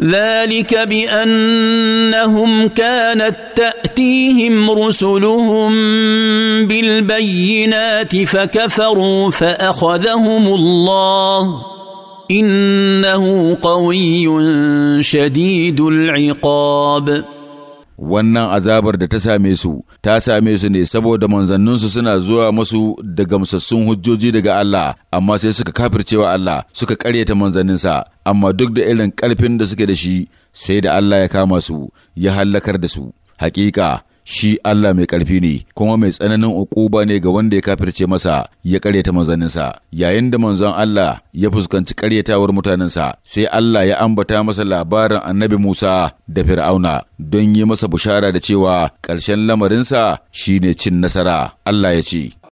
ذلك بانهم كانت تاتيهم رسلهم بالبينات فكفروا فاخذهم الله انه قوي شديد العقاب wannan azabar da ta same su ta same su ne saboda manzanninsu suna zuwa masu da gamsassun hujjoji daga Allah amma sai suka kafircewa Allah suka karyata manzanninsa amma duk da irin ƙarfin da suke da shi sai da Allah ya kama su ya hallakar da su hakika shi Allah mai ƙarfi ne kuma mai tsananin uquba ne ga wanda ya kafirce masa ya ƙaryata manzanninsa yayin da manzon Allah ya fuskanci ƙaryatawar mutanensa sai Allah ya ambata masa labarin annabi Musa da Fir'auna don yi masa bushara da cewa ƙarshen lamarinsa shine cin nasara Allah ya ce